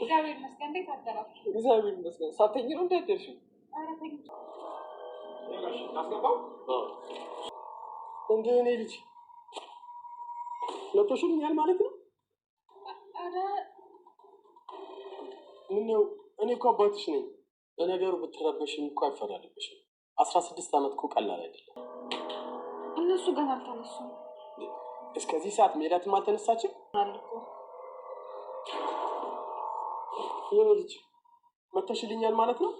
እግዚአብሔር ይመስገን። እንዴት አደራችሁ? እግዚአብሔር ይመስገን። ሳተኝ ነው እንዳደርሽው? እንደ እኔ ልጅ ለቶሽኛል ማለት ነው። ምነው እኔ እኮ አባትሽ ነኝ። በነገሩ ብትረበሽም እኮ አይፈረድብሽም። አስራ ስድስት ዓመት እኮ ቀላል አይደለም። እነሱ ገና አልተነሱም። እስከዚህ ሰዓት ሜዳትም አልተነሳችም። የኔ ልጅ መተሽልኛል ማለት ነው።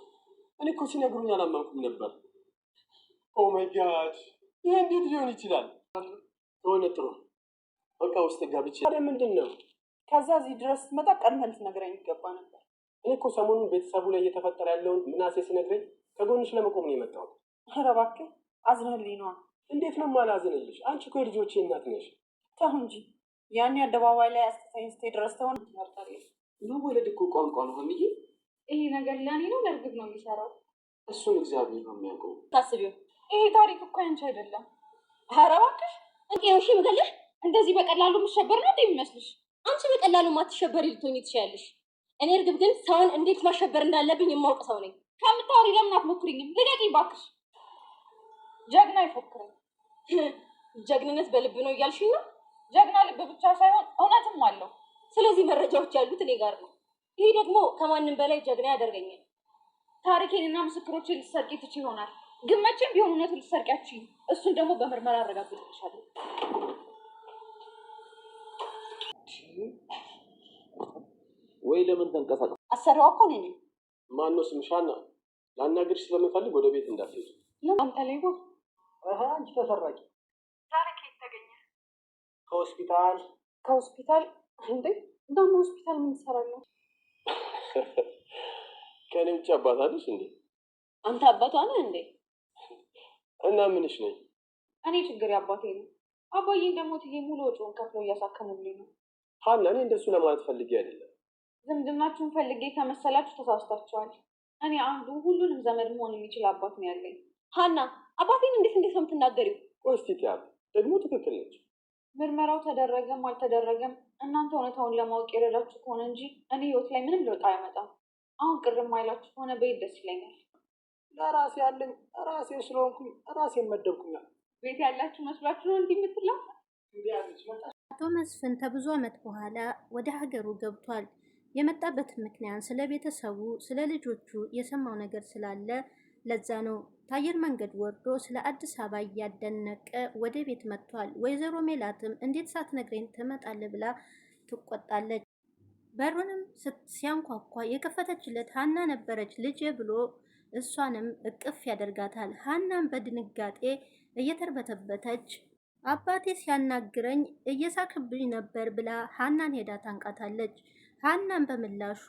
እኔ እኮ ሲነግሩኝ አላመንኩም ነበር። ኦ ማይ ጋድ ይህ እንዴት ሊሆን ይችላል? ሆነ ጥሩ በቃ ውስጥ ጋብቼ ታዲያ ምንድን ነው? ከዛ እዚህ ድረስ መጣ። ቀድመህ ልትነግረኝ ይገባ ነበር። እኔ እኮ ሰሞኑን ቤተሰቡ ላይ እየተፈጠረ ያለውን ምናሴ ሲነግረኝ ከጎንሽ ለመቆም ነው የመጣሁት። ኧረ እባክህ አዝነህልኝ ነዋ። እንዴት ነው የማላዝንልሽ? አንቺ እኮ የልጆቼ እናት ነሽ። ተው እንጂ ያኔ አደባባይ ላይ አስተሳይንስቴ ድረስ ተሆን መወለድ እኮ ቋንቋ ነው ሀምዬ። ይሄ ነገር ለእኔ ነው ለእርግብ ነው የሚሰራው። እሱን እግዚአብሔር ነው የሚያውቀው። ታስቢው ይሄ ታሪክ እኮ ያንቺ አይደለም። ኧረ እባክሽ እንጤውሽ እንደዚህ በቀላሉ የምትሸበር ነው እንደ የሚመስልሽ? አንቺ በቀላሉ ማትሸበር ልትሆኝ ትችያለሽ። እኔ እርግብ ግን ሰውን እንዴት ማሸበር እንዳለብኝ የማውቅ ሰው ነኝ። ከምታወሪ ለምን አትሞክሪኝም? ልደቂኝ እባክሽ። ጀግና አይፎክርም። ጀግንነት በልብ ነው እያልሽኝ ነው? ጀግና ልብ ብቻ ሳይሆን እውነትም አለው። ስለዚህ መረጃዎች ያሉት እኔ ጋር ነው። ይሄ ደግሞ ከማንም በላይ ጀግና ያደርገኛል። ታሪኬንና ምስክሮችን ትች ይሆናል፣ ግን መቼም ቢሆን እውነቱ ልትሰርቂያችሁ፣ እሱን ደግሞ በምርመራ አረጋግጥልሻለሁ። ወይ ለምን ተንቀሳቀስ? አሰሪዋ እኮ ነኝ። ማነው ስምሻና? ላናግርሽ ስለምፈልግ ወደ ቤት እንዳትሄጂ። አንተ ሌባ! አንቺ ተሰራቂ! ታሪክ የተገኘ ከሆስፒታል ከሆስፒታል እንዴ ደግሞ ሆስፒታል ምን ትሰራለህ? ከእኔ ውጭ አባት አለሽ እንዴ? አንተ አባቷ ነህ እንዴ? እና ምንሽ ነኝ? እኔ ችግር አባቴ ነው። አባዬን ደግሞ ትዬ ሙሉ ወጪውን ከፍሎ እያሳከሙልኝ ነው። ሀና፣ እኔ እንደሱ ለማለት ፈልጌ አይደለም። ዝምድናችሁን ፈልጌ ከመሰላችሁ ተሳስታችኋል። እኔ አንዱ ሁሉንም ዘመድ መሆን የሚችል አባት ነው ያለኝ። ሀና፣ አባቴን እንዴት እንዴት ነው የምትናገሪው? ቆይ እስኪ ትያለሽ ደግሞ ትክክል ነች። ምርመራው ተደረገም አልተደረገም እናንተ እውነታውን ለማወቅ የረዳችሁ ከሆነ እንጂ እኔ ህይወት ላይ ምንም ለውጥ አይመጣም። አሁን ቅር የማይላችሁ ከሆነ በይት ደስ ይለኛል። ለራሴ ያለኝ ራሴ ስለሆንኩኝ ራሴ መደብኩኛል። ቤት ያላችሁ መስሏችሁ ነው እንዲህ የምትላት። አቶ መስፍን ከብዙ ዓመት በኋላ ወደ ሀገሩ ገብቷል። የመጣበትን ምክንያት ስለ ቤተሰቡ ስለ ልጆቹ የሰማው ነገር ስላለ ለዛ ነው። ከአየር መንገድ ወርዶ ስለ አዲስ አበባ እያደነቀ ወደ ቤት መጥቷል። ወይዘሮ ሜላትም እንዴት ሳትነግረኝ ትመጣለህ ብላ ትቆጣለች። በሩንም ሲያንኳኳ የከፈተችለት ሀና ነበረች። ልጄ ብሎ እሷንም እቅፍ ያደርጋታል። ሀናም በድንጋጤ እየተርበተበተች አባቴ ሲያናግረኝ እየሳክብኝ ነበር ብላ ሀናን ሄዳ ታንቃታለች። ሀናን በምላሹ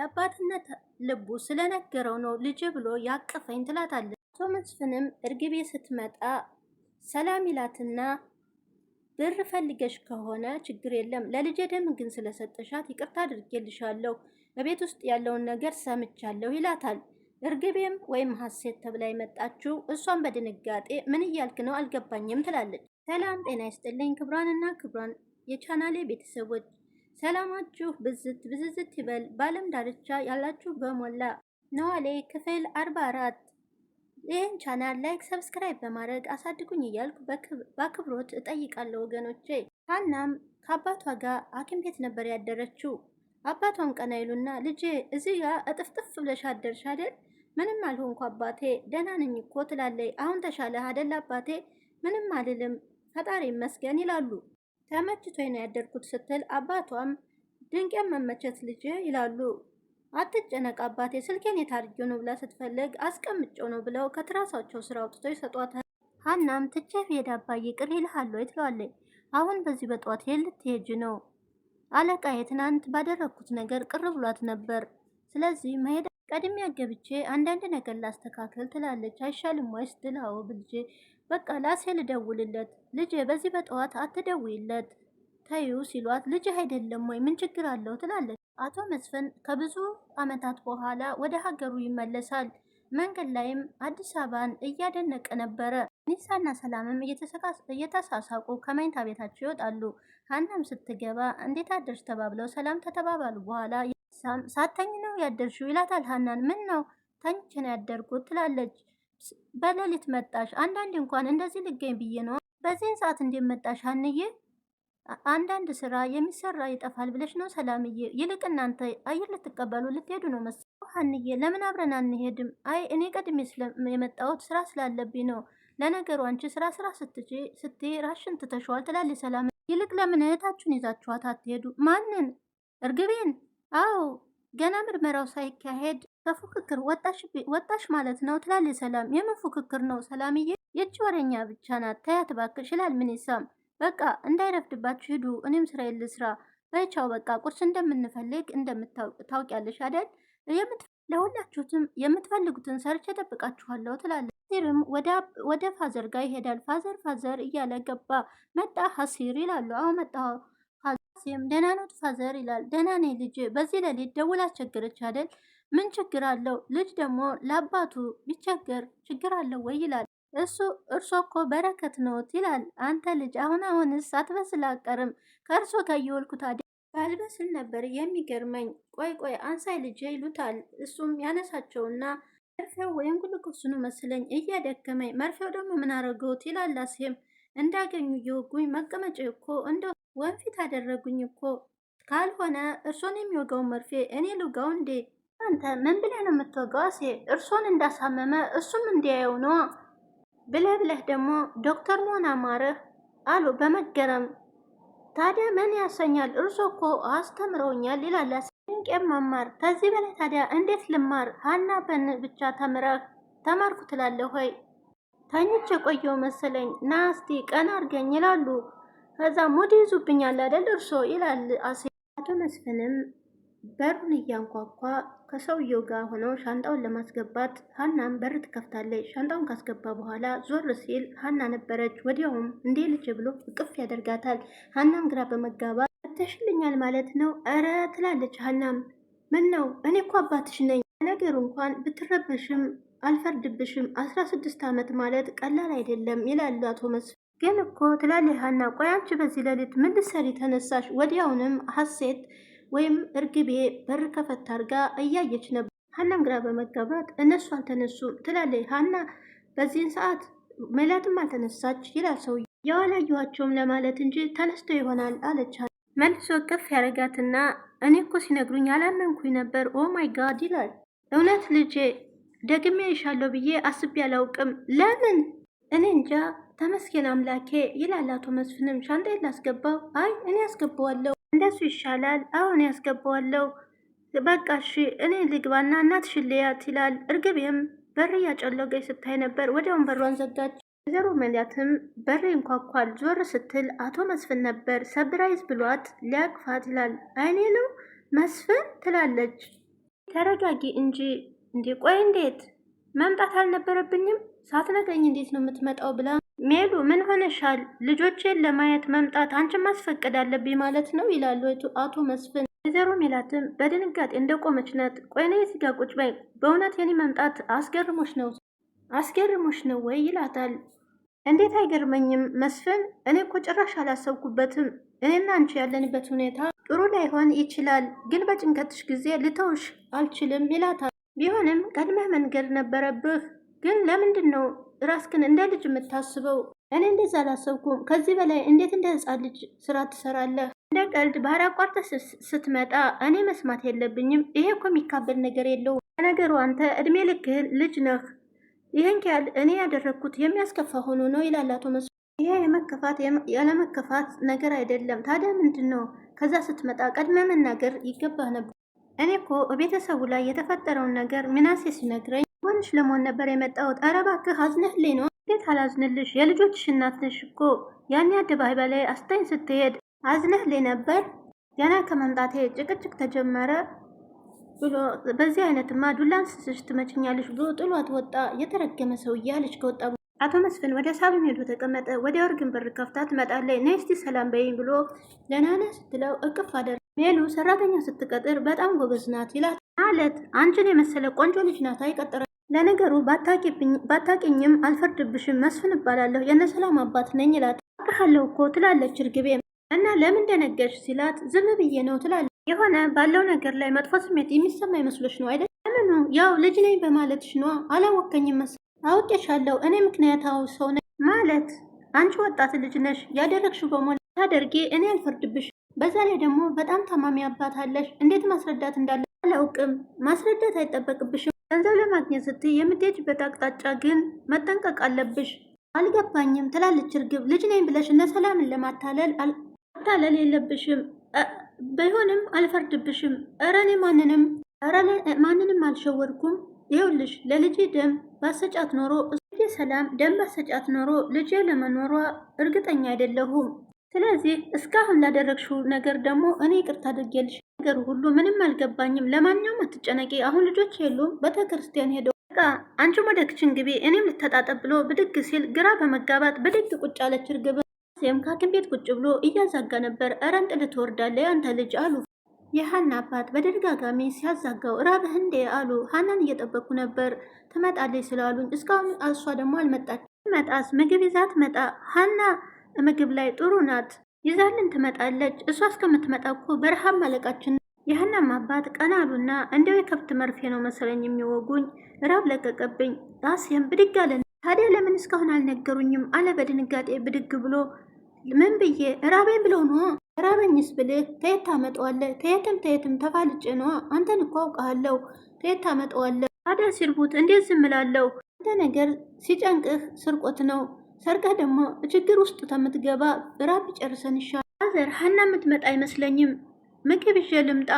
የአባትነት ልቡ ስለነገረው ነው ልጄ ብሎ ያቀፈኝ ትላታለች። አቶ መስፍንም እርግቤ ስትመጣ ሰላም ይላትና ብር ፈልገሽ ከሆነ ችግር የለም፣ ለልጄ ደም ግን ስለሰጠሻት ይቅርታ አድርጌልሻለሁ፣ በቤት ውስጥ ያለውን ነገር ሰምቻለሁ ይላታል። እርግቤም ወይም ሀሴት ተብላ የመጣችው እሷን በድንጋጤ ምን እያልክ ነው አልገባኝም ትላለች። ሰላም ጤና ይስጥልኝ ክብሯንና ክብሯን የቻናሌ ቤተሰቦች ሰላማችሁ ብዝት ብዝዝት ይበል። በአለም ዳርቻ ያላችሁ በሞላ ኖላዊ ክፍል አርባ አራት ይህን ቻናል ላይክ፣ ሰብስክራይብ በማድረግ አሳድጉኝ እያልኩ በአክብሮት እጠይቃለሁ ወገኖቼ። ሀናም ከአባቷ ጋር ሐኪም ቤት ነበር ያደረችው። አባቷም ቀና ይሉና ልጄ እዚህ ጋ እጥፍጥፍ ብለሽ አደርሽ አይደል? ምንም አልሆንኩ አባቴ፣ ደህና ነኝ እኮ ትላለይ። አሁን ተሻለህ አደል አባቴ? ምንም አልልም ፈጣሪ ይመስገን ይላሉ። ተመችቶኝ ነው ያደርኩት ስትል አባቷም ድንቅ መመቸት ልጄ ይላሉ። አትጨነቅ አባቴ፣ ስልኬን ነው ብላ ስትፈልግ አስቀምጬው ነው ብለው ከትራሳቸው ስራ አውጥቶ ይሰጧታል። ሀናም ትቼ ሄድ አባዬ፣ ቅር ይልሃል ወይ ትለዋለች። አሁን በዚህ በጠዋት ልትሄጂ ነው? አለቃ ትናንት ባደረግኩት ነገር ቅር ብሏት ነበር። ስለዚህ መሄድ ቀድሜ ያገብቼ አንዳንድ ነገር ላስተካከል ትላለች። አይሻልም ወይ ስትላው ብልጄ በቃ ላሴ ልደውልለት፣ ልጄ በዚህ በጠዋት አትደውይለት ተዩ ሲሏት ልጅ አይደለም ወይ ምን ችግር አለው ትላለች። አቶ መስፍን ከብዙ ዓመታት በኋላ ወደ ሀገሩ ይመለሳል። መንገድ ላይም አዲስ አበባን እያደነቀ ነበረ። ኒሳና ሰላምም እየተሳሳቁ ከመኝታ ቤታቸው ይወጣሉ። ሀናም ስትገባ እንዴት አደርሽ ተባብለው ሰላም ተተባባሉ። በኋላ ሳም ሳተኝ ነው ያደርሽው ይላታል። ሀናን ምን ነው ተኝቼ ነው ያደርኩት ትላለች። በሌሊት መጣሽ? አንዳንድ እንኳን እንደዚህ ልገኝ ብዬ ነው። በዚህን ሰዓት እንደመጣሽ ሀንዬ አንዳንድ ስራ የሚሰራ ይጠፋል ብለሽ ነው ሰላምዬ? ይልቅ እናንተ አየር ልትቀበሉ ልትሄዱ ነው መሰለኝ። ሀንዬ ለምን አብረን አንሄድም? አይ እኔ ቀድሜ የመጣሁት ስራ ስላለብኝ ነው። ለነገሩ አንቺ ስራ ስራ ስትች ስትይ ራሽን ትተሸዋል ትላለች ሰላም። ይልቅ ለምን እህታችሁን ይዛችኋት አትሄዱ? ማንን? እርግቤን? አዎ ገና ምርመራው ሳይካሄድ ከፉክክር ወጣሽ ማለት ነው ትላለች ሰላም። የምን ፉክክር ነው ሰላምዬ? የእጅ ወረኛ ብቻ ናት። ተያት እባክሽ ይላል ምን ይሳም በቃ እንዳይረፍድባችሁ ሂዱ፣ እኔም ስራዬን ስራ በቻው በቃ ቁርስ እንደምንፈልግ እንደምታውቅ ታውቂያለሽ አይደል? ለሁላችሁትም የምትፈልጉትን ሰርቼ እጠብቃችኋለሁ ትላለች። ሀሲርም ወደ ፋዘር ጋር ይሄዳል። ፋዘር ፋዘር እያለ ገባ። መጣ ሀሲር ይላሉ። አዎ መጣ ሀሲም ደህና ነው ፋዘር ይላል። ደህና ነኝ ልጅ፣ በዚህ ሌሊት ደውላ አስቸገረች አይደል? ምን ችግር አለው? ልጅ ደግሞ ለአባቱ ቢቸገር ችግር አለው ወይ ይላል። እሱ እርሶ እኮ በረከት ነዎት ይላል። አንተ ልጅ አሁን አሁንስ አትበስል አቀርም ከእርሶ ከየወልኩ ታዲያ ባልበስል ነበር የሚገርመኝ። ቆይ ቆይ አንሳይ ልጄ ይሉታል። እሱም ያነሳቸውና መርፌው ወይም ጉልቁስኑ መስለኝ እያደከመኝ፣ መርፌው ደግሞ ምን አረገውት ይላል። አሴም እንዳገኙ እየወጉኝ መቀመጫ እኮ እንደ ወንፊት አደረጉኝ እኮ ካልሆነ እርሶን የሚወጋው መርፌ እኔ ልውጋው እንዴ? አንተ ምን ብለህ ነው የምትወጋው? አሴ እርሶን እንዳሳመመ እሱም እንዲያየው ነዋ። ብለህ ብለህ ደግሞ ዶክተር መሆን አማረህ አሉ በመገረም ታዲያ ምን ያሰኛል? እርሶ እኮ አስተምረውኛል ይላል ድንቄም መማር ከዚህ በላይ ታዲያ እንዴት ልማር? ሀና በን ብቻ ተምረህ ተማርኩ ትላለህ ወይ? ተኝቼ ቆየው መሰለኝ ና እስቲ ቀና አድርገኝ ይላሉ። ከዛ ሙድ ይዙብኛል አይደል እርሶ ይላል አቶ መስፍንም በሩን እያንኳኳ ከሰውየው ጋር ሆነው ሻንጣውን ለማስገባት ሀናም በር ትከፍታለች። ሻንጣውን ካስገባ በኋላ ዞር ሲል ሀና ነበረች። ወዲያውም እንዴ ልጅ ብሎ እቅፍ ያደርጋታል። ሀናም ግራ በመጋባት ተሽልኛል ማለት ነው እረ ትላለች። ሀናም ምን ነው እኔ እኮ አባትሽ ነኝ። ነገሩ እንኳን ብትረበሽም አልፈርድብሽም። አስራ ስድስት ዓመት ማለት ቀላል አይደለም ይላሉ አቶ መስፍን። ግን እኮ ትላለች ሀና። ቆይ አንቺ በዚህ ሌሊት ምን ልትሰሪ ተነሳሽ? ወዲያውንም ሀሴት ወይም እርግቤ በር ከፈት አድርጋ እያየች ነበር። ሀናም ግራ በመጋባት እነሱ አልተነሱም ትላለች ሀና። በዚህን ሰዓት ሜላትም አልተነሳች ይላል ሰው ያዋላየኋቸውም ለማለት እንጂ ተነስተው ይሆናል አለች። መልሶ ቅፍ ያደረጋትና እኔ እኮ ሲነግሩኝ አላመንኩኝ ነበር ኦ ማይ ጋድ ይላል። እውነት ልጄ ደግሜ ይሻለሁ ብዬ አስቤ አላውቅም። ለምን እኔ እንጃ ተመስገን አምላኬ ይላል አቶ መስፍንም ሻንጣዬን ላስገባው። አይ እኔ አስገባዋለሁ እንደሱ ይሻላል። አሁን ያስገባዋለሁ። በቃ እሺ እኔ ልግባና እናት ሽልያት ይላል። እርግቤም በር እያጨለገች ስታይ ነበር። ወዲያውን በሯን ዘጋች። ወይዘሮ መሊያትም በር ይንኳኳል። ዞር ስትል አቶ መስፍን ነበር። ሰብራይዝ ብሏት ሊያቅፋት ይላል። አይኔ ነው መስፍን ትላለች። ተረጋጊ እንጂ እንዲህ ቆይ፣ እንዴት መምጣት አልነበረብኝም? ሳትነግረኝ እንዴት ነው የምትመጣው ብላ ሜሉ ምን ሆነሻል? ልጆቼን ለማየት መምጣት አንቺ ማስፈቀድ አለብኝ ማለት ነው ይላሉ አቶ መስፍን። ወይዘሮ ሜላትም በድንጋጤ እንደቆመች ናት። ቆይ ነይ ቁጭ በይ፣ በእውነት የኔ መምጣት አስገርሞች ነው አስገርሞች ነው ወይ ይላታል። እንዴት አይገርመኝም መስፍን፣ እኔ እኮ ጭራሽ አላሰብኩበትም። እኔና አንቺ ያለንበት ሁኔታ ጥሩ ላይሆን ይችላል፣ ግን በጭንቀትሽ ጊዜ ልተውሽ አልችልም ይላታል። ቢሆንም ቀድመህ መንገድ ነበረብህ። ግን ለምንድን ነው ራስክን እንደ ልጅ የምታስበው እኔ እንደዛ አላሰብኩም። ከዚህ በላይ እንዴት እንደ ህፃን ልጅ ስራ ትሰራለህ? እንደ ቀልድ ባህር አቋርጠህ ስትመጣ እኔ መስማት የለብኝም። ይሄ እኮ የሚካበል ነገር የለውም። ነገሩ አንተ እድሜ ልክህን ልጅ ነህ። ይህን ያህል እኔ ያደረግኩት የሚያስከፋ ሆኖ ነው ይላል አቶ ይሄ የመከፋት ያለመከፋት ነገር አይደለም። ታዲያ ምንድን ነው? ከዛ ስትመጣ ቀድመ መናገር ይገባህ ነበር። እኔ እኮ ቤተሰቡ ላይ የተፈጠረውን ነገር ምናሴ ሲነግረኝ አብረሽ ለመሆን ነበር የመጣሁት። ኧረ እባክህ አዝነህልኝ ነው። እንዴት አላዝንልሽ? የልጆችሽ እናት ነሽ እኮ። ያኔ አደባባይ በላይ ስትሄድ አዝነህልኝ ነበር። ገና ከመምጣቴ ጭቅጭቅ ተጀመረ ብሎ በዚህ አይነትማ ዱላን አንስስሽ ትመችኛለሽ ብሎ ጥሏት ወጣ። የተረገመ ሰው እያለች ከወጣ አቶ መስፍን ወደ ሳሎን ሄዶ ተቀመጠ። ወደ ግን በር ከፍታ ትመጣለች። ነይ እስቲ ሰላም በይኝ ብሎ ለናና ስትለው እቅፍ አደረ። ሜሉ ሰራተኛ ስትቀጥር በጣም ጎበዝ ናት ይላት። ማለት አንቺን የመሰለ ቆንጆ ልጅ ናት አይቀጥረ ለነገሩ ባታቂኝም አልፈርድብሽም፣ መስፍን እባላለሁ የነሰላም አባት ነኝ ይላት። አቅሃለሁ እኮ ትላለች እርግቤ። እና ለምን ደነገሽ ሲላት ዝም ብዬ ነው ትላለች። የሆነ ባለው ነገር ላይ መጥፎ ስሜት የሚሰማ ይመስሎች ነው አይደል? ለምኑ ያው ልጅ ነኝ በማለትሽ ነዋ። አላወከኝም መስ አውቄሻለሁ። እኔ ምክንያታዊ ሰው ነኝ ማለት አንቺ ወጣት ልጅ ነሽ። ያደረግሽው በሞላ ታደርጌ እኔ አልፈርድብሽ። በዛ ላይ ደግሞ በጣም ታማሚ አባት አለሽ። እንዴት ማስረዳት እንዳለ አላውቅም። ማስረዳት አይጠበቅብሽም። ገንዘብ ለማግኘት ስትይ የምትሄጅበት አቅጣጫ ግን መጠንቀቅ አለብሽ። አልገባኝም ትላለች እርግብ። ልጅ ነኝ ብለሽ እነ ሰላምን ለማታለል አታለል የለብሽም። ቢሆንም አልፈርድብሽም። ኧረ እኔ ማንንም ማንንም አልሸወድኩም። ይኸውልሽ ለልጄ ደም ባሰጫት ኖሮ ልጄ ሰላም ደም ባሰጫት ኖሮ ልጄ ለመኖሯ እርግጠኛ አይደለሁም። ስለዚህ እስካሁን ላደረግሽው ነገር ደግሞ እኔ ይቅርታ አድርጌልሽ ነገር ሁሉ ምንም አልገባኝም። ለማንኛውም አትጨነቂ። አሁን ልጆች የሉም ቤተክርስቲያን ሄደው በቃ አንቺም ወደ ክችን ግቢ፣ እኔም ልተጣጠብ ብሎ ብድግ ሲል ግራ በመጋባት ብድግ ቁጭ አለች እርግብ። ሴም ከሐኪም ቤት ቁጭ ብሎ እያዛጋ ነበር። ኧረ ልትወርዳለ አንተ ልጅ አሉ የሀና አባት በደጋጋሚ ሲያዛጋው ራብህ እንዴ አሉ። ሀናን እየጠበቅኩ ነበር ትመጣለች ስላሉኝ እስካሁን እሷ ደግሞ አልመጣች። መጣስ ምግብ ይዛት መጣ ሀና ምግብ ላይ ጥሩ ናት። ይዛልን ትመጣለች። እሷ እስከምትመጣ እኮ በረሃብ ማለቃችን። የሀናም አባት ቀና አሉና እንደው የከብት መርፌ ነው መሰለኝ የሚወጉኝ፣ ራብ ለቀቀብኝ። ጣሴም ብድግ አለ። ታዲያ ለምን እስካሁን አልነገሩኝም? አለ በድንጋጤ ብድግ ብሎ ምን ብዬ ራቤን ብለው ነ ራበኝስ ብልህ ተየት ታመጠዋለህ? ተየትም ተየትም ተፋልጬ ነው። አንተን እኮ አውቃለሁ። ከየት ታመጠዋለህ? ታዲያ ሲርቡት እንዴት ዝም እላለሁ? አንተ ነገር ሲጨንቅህ ስርቆት ነው ሰርጋ ደግሞ ችግር ውስጥ ተምትገባ ራብ ጨርሰን ይሻል። አዘር ሀና የምትመጣ አይመስለኝም። ምግብ ይዤ ልምጣ።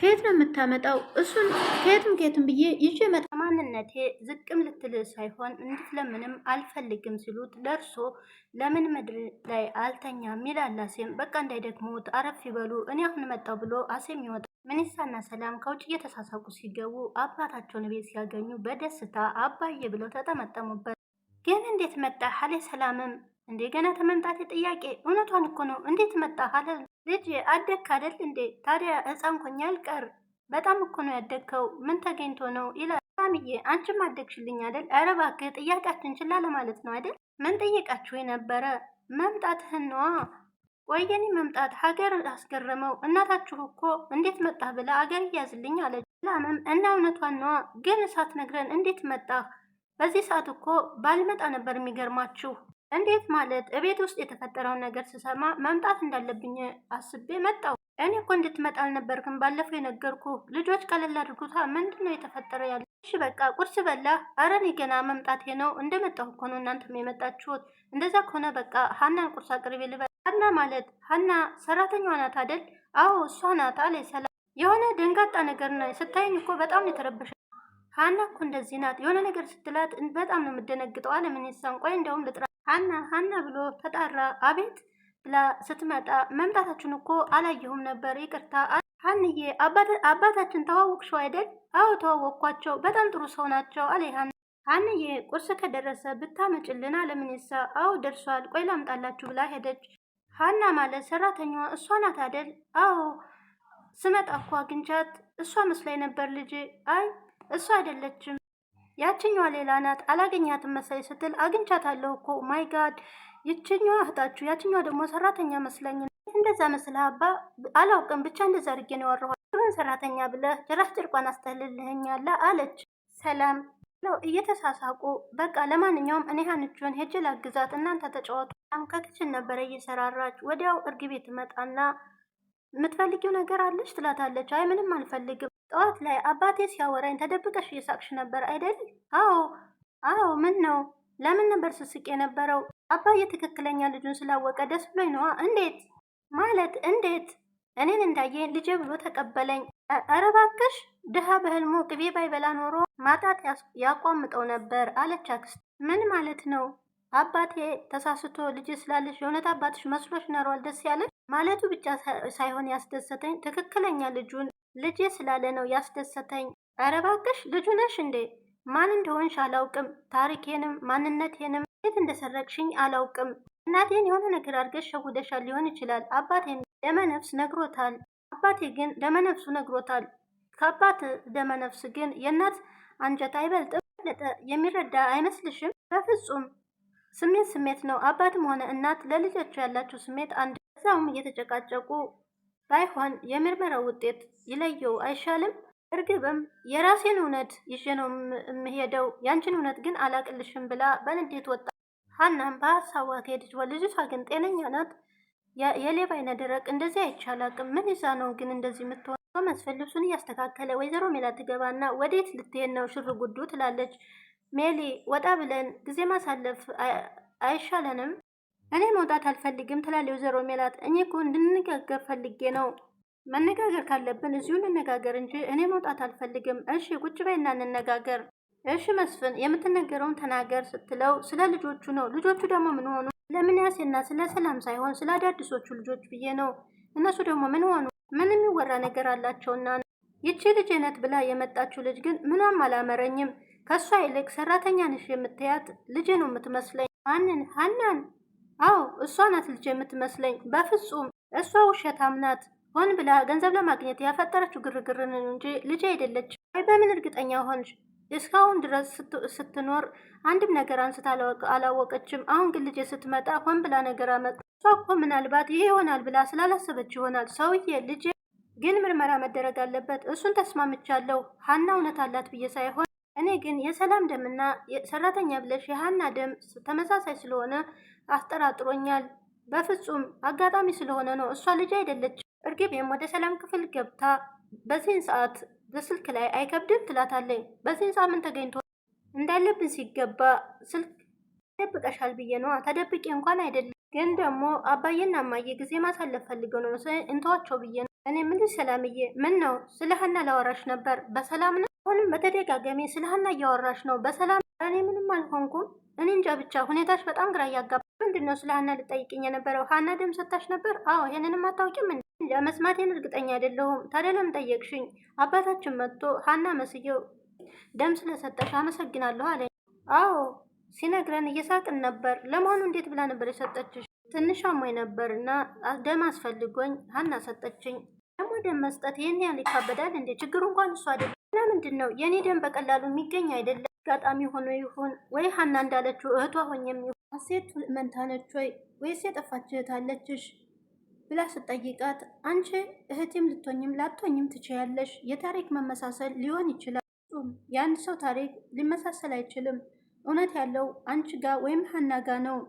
ከየት ነው የምታመጣው? እሱን ከየትም ከየትም ብዬ ይዤ መጣ። ማንነቴ ዝቅም ልትል ሳይሆን ለምንም አልፈልግም ሲሉት ለእርሶ ለምን ምድር ላይ አልተኛም ይላል አሴም። በቃ እንዳይደክሙት አረፍ ይበሉ፣ እኔ አሁን መጣው ብሎ አሴም ይወጣል። ምንሳና ሰላም ከውጭ እየተሳሳቁ ሲገቡ አባታቸውን ቤት ሲያገኙ በደስታ አባዬ ብለው ተጠመጠሙበት። ግን እንዴት መጣ አለ ሰላምም እንዴ ገና ጥያቄ እውነቷን እኮ ነው እንዴት መጣ አለ ልጅ አደግ አይደል እንዴ ታዲያ ህፃን ኮኛ አልቀር በጣም እኮ ነው ያደግከው ምን ተገኝቶ ነው ይላል ሰላምዬ አንቺም አደግሽልኝ አደል? ኧረ እባክህ ጥያቄያችን ችላ ለማለት ነው አደል ምን ጠየቃችሁ የነበረ መምጣትህን ነዋ ወየኒ መምጣት ሀገር አስገረመው እናታችሁ እኮ እንዴት መጣህ ብላ ሀገር እያዝልኝ አለች ሰላምም እና እውነቷን ነዋ ግን እሳት ነግረን እንዴት መጣህ በዚህ ሰዓት እኮ ባልመጣ ነበር የሚገርማችሁ። እንዴት ማለት? እቤት ውስጥ የተፈጠረውን ነገር ስሰማ መምጣት እንዳለብኝ አስቤ መጣው እኔ እኮ እንድትመጣ አልነበርክም ባለፈው የነገርኩ። ልጆች ቀለል አድርጉታ። ምንድን ነው የተፈጠረ ያለ? እሺ በቃ ቁርስ በላ። አረ እኔ ገና መምጣቴ ነው። እንደመጣሁ እኮ ነው እናንተም የመጣችሁት። እንደዛ ከሆነ በቃ ሀናን ቁርስ አቅርቤ ልበላ። ሀና ማለት ሀና ሰራተኛዋ ናት አደል? አዎ እሷ ናት አለ ሰላም። የሆነ ደንጋጣ ነገር ነው ስታይኝ እኮ በጣም የተረበሸ ሀና እኮ እንደዚህ ናት። የሆነ ነገር ስትላት በጣም ነው የምደነግጠው። አለምንሳን ቆይ እንደውም ልጥራ ሀና ሀና ብሎ ተጣራ። አቤት ብላ ስትመጣ መምጣታችን እኮ አላየሁም ነበር ይቅርታ። ሀንዬ አባታችን ተዋወቅሽው አይደል? አዎ ተዋወቅኳቸው። በጣም ጥሩ ሰው ናቸው አለ ሀንዬ። ቁርስ ከደረሰ ብታመጭልን አለምንሳ። አዎ ደርሷል፣ ቆይ ላምጣላችሁ ብላ ሄደች። ሀና ማለት ሰራተኛዋ እሷ ናት አይደል? አዎ ስመጣ እኮ አግኝቻት እሷ መስላኝ ነበር ልጅ አይ እሱ አይደለችም ያችኛዋ ሌላ ናት። አላገኛትም መሰለኝ ስትል አግኝቻታለሁ እኮ ማይ ጋድ፣ ይችኛዋ እህታችሁ፣ ያችኛዋ ደግሞ ሰራተኛ መስለኝ። እንደዛ መስልህ አባ አላውቅም፣ ብቻ እንደዛ አድርጌ ነው ያወራኋት። ሩን ሰራተኛ ብለህ ጭራሽ ጭርቋን አስተልልህኛለ አለች። ሰላም ለው እየተሳሳቁ በቃ ለማንኛውም እኔ ሀንቹን ሄጅ ላግዛት፣ እናንተ ተጫወቱ። ከክችን ነበረ እየሰራራች ወዲያው እርግቤ መጣና የምትፈልጊው ነገር አለች ትላታለች። አይ ምንም አልፈልግም ጠዋት ላይ አባቴ ሲያወራኝ ተደብቀሽ እየሳቅሽ ነበር አይደል? አዎ አዎ። ምን ነው? ለምን ነበር ስስቅ የነበረው? አባዬ ትክክለኛ ልጁን ስላወቀ ደስ ብሎኝ ነዋ። እንዴት ማለት እንዴት? እኔን እንዳየ ልጄ ብሎ ተቀበለኝ። ኧረ እባክሽ ድሃ በህልሞ ቅቤ ባይበላ ኖሮ ማጣት ያቋምጠው ነበር አለች አክስት። ምን ማለት ነው? አባቴ ተሳስቶ ልጅ ስላለሽ የእውነት አባትሽ መስሎሽ ነሯል ደስ ያለሽ ማለቱ ብቻ ሳይሆን ያስደሰተኝ ትክክለኛ ልጁን ልጄ ስላለ ነው ያስደሰተኝ። ኧረ እባክሽ ልጁ ነሽ እንዴ? ማን እንደሆንሽ አላውቅም። ታሪኬንም ማንነቴንም የት እንደሰረቅሽኝ አላውቅም። እናቴን የሆነ ነገር አድርገሽ ሸጉደሻል ሊሆን ይችላል። አባቴም ደመነፍስ ነግሮታል። አባቴ ግን ደመነፍሱ ነግሮታል። ከአባት ደመነፍስ ግን የእናት አንጀት አይበልጥም? በለጠ የሚረዳ አይመስልሽም? በፍጹም ስሜት ስሜት ነው። አባትም ሆነ እናት ለልጆቹ ያላቸው ስሜት አንድ። እዛውም እየተጨቃጨቁ ባይሆን የምርመራው ውጤት ይለየው አይሻልም? እርግብም የራሴን እውነት ይዤ ነው የምሄደው፣ ያንቺን እውነት ግን አላቅልሽም ብላ በንዴት ወጣ። ሀናም በሀሳቧ ከሄደች ልጅቷ ግን ጤነኛ ናት? የሌባ አይነ ደረቅ እንደዚህ አይቻል ምን ይዛ ነው ግን እንደዚህ የምትሆን? መስፍን ልብሱን እያስተካከለ ወይዘሮ ሜላ ትገባና ወዴት ልትሄድ ነው ሽር ጉዱ ትላለች። ሜሊ ወጣ ብለን ጊዜ ማሳለፍ አይሻለንም? እኔ መውጣት አልፈልግም ትላለች ወይዘሮ ሜላት። እኔ እኮ እንድንነጋገር ፈልጌ ነው። መነጋገር ካለብን እዚሁ እንነጋገር እንጂ እኔ መውጣት አልፈልግም። እሺ ቁጭ በይና እንነጋገር። እሺ መስፍን የምትነገረውን ተናገር ስትለው ስለ ልጆቹ ነው። ልጆቹ ደግሞ ምን ሆኑ? ስለምንያሴና ስለ ሰላም ሳይሆን ስለ አዳዲሶቹ ልጆች ብዬ ነው። እነሱ ደግሞ ምን ሆኑ? ምን የሚወራ ነገር አላቸውና ነው። ይቺ ልጅ አይነት ብላ የመጣችው ልጅ ግን ምኗም አላመረኝም። ከእሷ ይልቅ ሰራተኛ ነሽ የምትያት ልጄ ነው የምትመስለኝ። ማንን? ሀናን አዎ እሷ ናት ልጅ የምትመስለኝ። በፍጹም እሷ ውሸታም ናት። ሆን ብላ ገንዘብ ለማግኘት ያፈጠረችው ግርግርን እንጂ ልጅ አይደለች። ወይ በምን እርግጠኛ ሆንሽ? እስካሁን ድረስ ስትኖር አንድም ነገር አንስታ አላወቀችም። አሁን ግን ልጄ ስትመጣ ሆን ብላ ነገር አመጣ። እሷ እኮ ምናልባት ይሄ ይሆናል ብላ ስላላሰበች ይሆናል። ሰውዬ ልጄ ግን ምርመራ መደረግ አለበት። እሱን ተስማምቻለሁ። ሀና እውነት አላት ብዬ ሳይሆን እኔ ግን የሰላም ደምና ሰራተኛ ብለሽ የሀና ደም ተመሳሳይ ስለሆነ አስጠራጥሮኛል። በፍጹም አጋጣሚ ስለሆነ ነው። እሷ ልጅ አይደለች። እርግቤም ወደ ሰላም ክፍል ገብታ በዚህን ሰዓት በስልክ ላይ አይከብድም ትላታለኝ። በዚህን ሰዓት ምን ተገኝቶ እንዳለብን ሲገባ ስልክ ተደብቀሻል ብዬ ነዋ። ተደብቄ እንኳን አይደለም ግን ደግሞ አባዬና እማዬ ጊዜ ማሳለፍ ፈልገው ነው እንተዋቸው ብዬ ነው። እኔ ምልሽ ሰላምዬ፣ ምን ነው ስለ ሀና ላወራሽ ነበር። በሰላም ነው አሁንም በተደጋጋሚ ስለ ሀና እያወራሽ ነው። በሰላም እኔ ምንም አልሆንኩም። እኔ እንጃ ብቻ ሁኔታሽ በጣም ግራ እያጋባ ምንድን ነው ስለ ሀና ልጠይቅኝ የነበረው? ሀና ደም ሰታሽ ነበር? አዎ ይህንንም አታውቂም? እንጃ መስማቴን እርግጠኛ አይደለሁም። ታዲያ ለምን ጠየቅሽኝ? አባታችን መጥቶ ሀና መስየው ደም ስለሰጠሽ አመሰግናለሁ አለ። አዎ ሲነግረን እየሳቅን ነበር። ለመሆኑ እንዴት ብላ ነበር የሰጠችሽ? ትንሽ አሞኝ ነበር እና ደም አስፈልጎኝ ሀና ሰጠችኝ። ደግሞ ደም መስጠት ይህን ያህል ይካበዳል እንዴ? ችግሩ እንኳን እሱ አይደለም። ለምንድን ነው የእኔ ደም በቀላሉ የሚገኝ አይደለም። አጋጣሚ ሆኖ ይሁን ወይ ሀና እንዳለችው እህቷ ሆኜ የሚሆን ሀሴት መንታነች ወይ ወይስ የጠፋች እህት አለችሽ ብላ ስጠይቃት አንቺ እህቴም ልትሆኝም ላትሆኝም ትችያለሽ። የታሪክ መመሳሰል ሊሆን ይችላል። የአንድ ሰው ታሪክ ሊመሳሰል አይችልም። እውነት ያለው አንቺ ጋ ወይም ሀና ጋ ነው።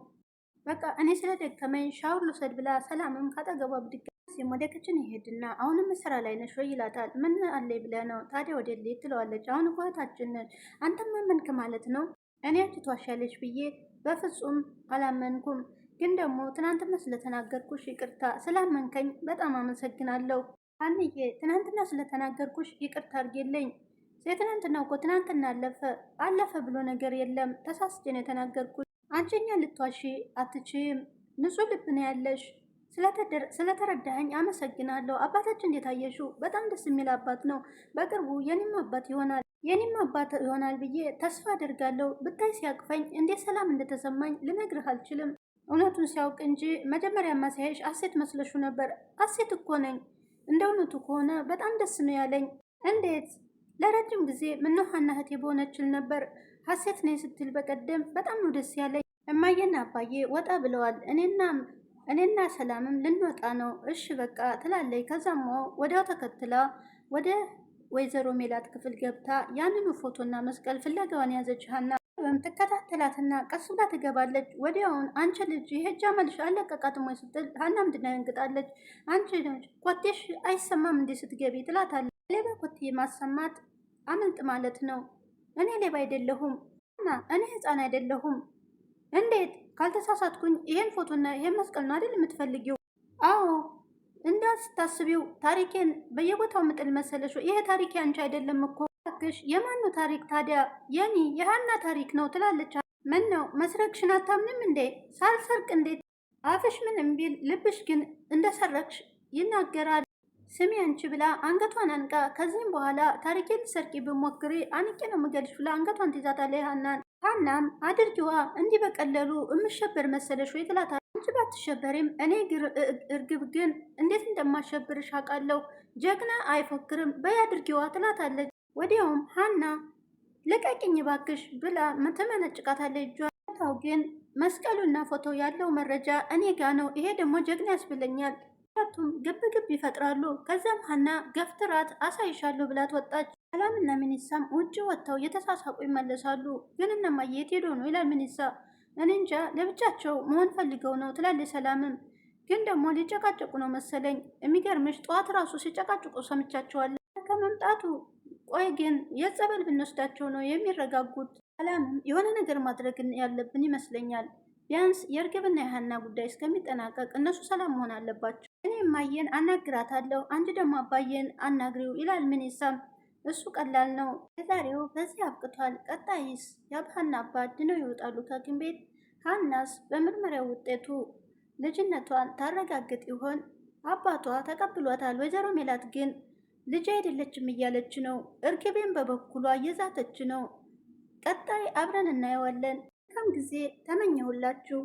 በቃ እኔ ስለደከመኝ ሻውር ልውሰድ ብላ ሰላምም ካጠገቧ ብድግ ሲም ወደ ክችን ይሄድና አሁንም ስራ ላይ ነሽ ወይ ይላታል። ምን አለ ብለህ ነው ታዲያ ወደ ሌት ትለዋለች። አሁን እኮ እህታችን ነች አንተም አመንክ ማለት ነው። እኔ አንቺ ትዋሻለች ብዬ በፍጹም አላመንኩም፣ ግን ደግሞ ትናንትና ስለተናገርኩሽ ይቅርታ ስላመንከኝ በጣም አመሰግናለሁ። አንዬ ትናንትና ስለተናገርኩሽ ይቅርታ አድርጌለኝ የትናንትና እኮ ትናንትና አለፈ አለፈ ብሎ ነገር የለም። ተሳስቼ ነው የተናገርኩሽ። አንቺ ልትዋሺ አትችይም። ንጹህ ልብ ነው ያለሽ። ስለተረዳኸኝ አመሰግናለሁ። አባታችን እንዴት አየሹ? በጣም ደስ የሚል አባት ነው። በቅርቡ የኔም አባት ይሆናል የኔም አባት ይሆናል ብዬ ተስፋ አደርጋለሁ። ብታይ ሲያቅፈኝ እንዴት ሰላም እንደተሰማኝ ልነግርህ አልችልም። እውነቱን ሲያውቅ እንጂ መጀመሪያ ማሳያሽ አሴት መስለሹ ነበር። አሴት እኮ ነኝ። እንደ እውነቱ ከሆነ በጣም ደስ ነው ያለኝ። እንዴት ለረጅም ጊዜ ምነው ህቴ እህቴ በሆነችል ነበር። ሀሴት ነኝ ስትል በቀደም በጣም ነው ደስ ያለኝ። እማዬና አባዬ ወጣ ብለዋል። እኔና እኔና ሰላምም ልንወጣ ነው፣ እሽ በቃ ትላለይ። ከዛም ወዲያው ተከትላ ወደ ወይዘሮ ሜላት ክፍል ገብታ ያንኑ ፎቶና መስቀል ፍለጋዋን ያዘች ሀና ትከታተላትና ቀስ ብላ ትገባለች። ወዲያውን አንቺ ልጅ የሄጃ መልሽ አለቀቃትም ወይ ስትል ሀና ምንድን አንቺ ኮቴሽ አይሰማም እንዲህ ስትገቢ ትላታለች። ሌባ ኮቴ ማሰማት አምልጥ ማለት ነው። እኔ ሌባ አይደለሁም እና እኔ ህፃን አይደለሁም እንዴት ካልተሳሳትኩኝ ይሄን ፎቶና ይሄን መስቀል ነው አይደል የምትፈልጊው? አዎ እንዳስታስቢው ታሪኬን በየቦታው ምጥል መሰለሽ? ይሄ ታሪኬ አንቺ አይደለም እኮ ታክሽ። የማኑ ታሪክ ታዲያ? የኔ የሀና ታሪክ ነው ትላለች። ምን ነው መስረቅሽን አታምንም እንዴ? ሳልሰርቅ እንዴት አፍሽ ምንም ቢል ልብሽ ግን እንደሰረቅሽ ይናገራል። ስሚ አንቺ ብላ አንገቷን አንቃ ከዚህም በኋላ ታሪኬ ልሰርቂ ብሞክሪ አንቄ ነው የምገድልሽ ብላ አንገቷን ትይዛታለች ሀናን። ሀናም አድርጊዋ እንዲህ በቀለሉ የምሸበር መሰለሽ ወይ ትላታ። አንቺ ባትሸበሪም እኔ እርግብ ግን እንዴት እንደማሸብርሽ አውቃለሁ። ጀግና አይፎክርም አድርጊዋ ትላታለች። ወዲያውም ሀና ልቀቅኝ ባክሽ ብላ ትመነጭቃታለች። እጇ ታው ግን መስቀሉና ፎቶ ያለው መረጃ እኔ ጋ ነው። ይሄ ደግሞ ጀግና ያስብለኛል ሁለቱም ግብ ግብ ይፈጥራሉ። ከዚያም ሀና ገፍትራት አሳይሻለሁ ብላት ወጣች። ሰላምና ሚኒሳም ውጭ ወጥተው የተሳሳቁ ይመለሳሉ። ግን እነማየት የት ሄዶ ነው ይላል ሚኒሳ። እኔ እንጃ ለብቻቸው መሆን ፈልገው ነው ትላለች ሰላምም። ግን ደግሞ ሊጨቃጨቁ ነው መሰለኝ። የሚገርምሽ ጠዋት ራሱ ሲጨቃጭቁ ሰምቻቸዋለሁ ከመምጣቱ። ቆይ ግን የጸበል ብንወስዳቸው ነው የሚረጋጉት? ሰላምም የሆነ ነገር ማድረግ ያለብን ይመስለኛል። ቢያንስ የእርግብና የሀና ጉዳይ እስከሚጠናቀቅ እነሱ ሰላም መሆን አለባቸው። እኔ ማየን አናግራታለሁ፣ አንድ ደግሞ አባየን አናግሪው ይላል ምኒሳም። እሱ ቀላል ነው። የዛሬው በዚህ አብቅቷል። ቀጣይስ የአብሃና አባት ድነው ይወጣሉ ከሐኪም ቤት። ሀናስ በምርመሪያው ውጤቱ ልጅነቷን ታረጋግጥ ይሆን? አባቷ ተቀብሏታል። ወይዘሮ ሜላት ግን ልጅ አይደለችም እያለች ነው። እርግቤን በበኩሏ እየዛተች ነው። ቀጣይ አብረን እናየዋለን። ከም ጊዜ ተመኘሁላችሁ።